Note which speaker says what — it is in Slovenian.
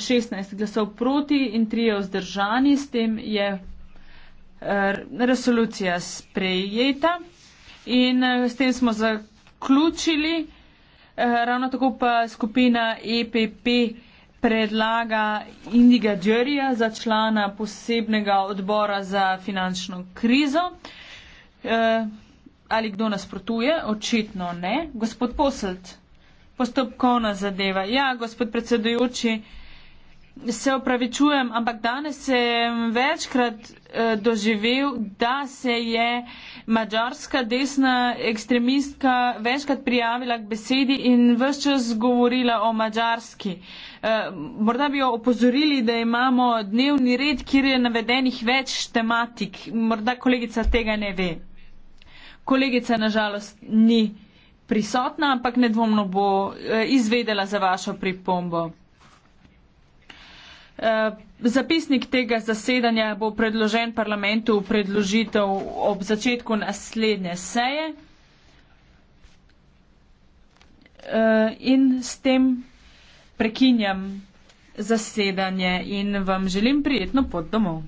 Speaker 1: 16 glasov proti in 3 vzdržani, s tem je eh, resolucija sprejeta. In eh, s tem smo zaključili, eh, ravno tako pa skupina EPP predlaga Indiga Džerija za člana posebnega odbora za finančno krizo. Ali kdo nasprotuje? Očitno ne. Gospod Poselt, postopkovna zadeva. Ja, gospod predsedujoči, se opravičujem, ampak danes sem večkrat eh, doživel, da se je mađarska desna ekstremistka večkrat prijavila k besedi in vse čas govorila o mađarski. Eh, morda bi jo opozorili, da imamo dnevni red, kjer je navedenih več tematik. Morda kolegica tega ne ve. Kolegica nažalost ni prisotna, ampak nedvomno bo eh, izvedela za vašo pripombo. Eh, zapisnik tega zasedanja bo predložen parlamentu v predložitev ob začetku naslednje seje. Eh, in s tem prekinjam zasedanje in vam želim prijetno pot domov.